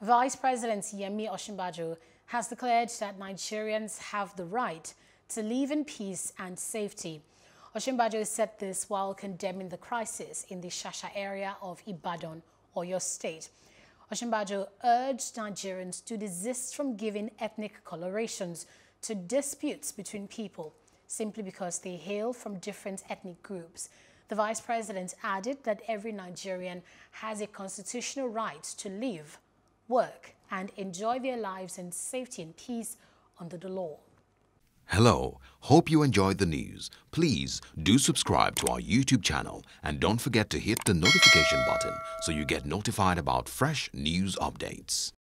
Vice President Yemi Osinbajo has declared that Nigerians have the right to live in peace and safety. Osinbajo said this while condemning the crisis in the Shasha area of Ibadan, or your State. Osinbajo urged Nigerians to desist from giving ethnic colorations to disputes between people simply because they hail from different ethnic groups. The vice president added that every Nigerian has a constitutional right to live work, and enjoy their lives in safety and peace under the law. Hello, hope you enjoyed the news. Please do subscribe to our YouTube channel and don't forget to hit the notification button so you get notified about fresh news updates.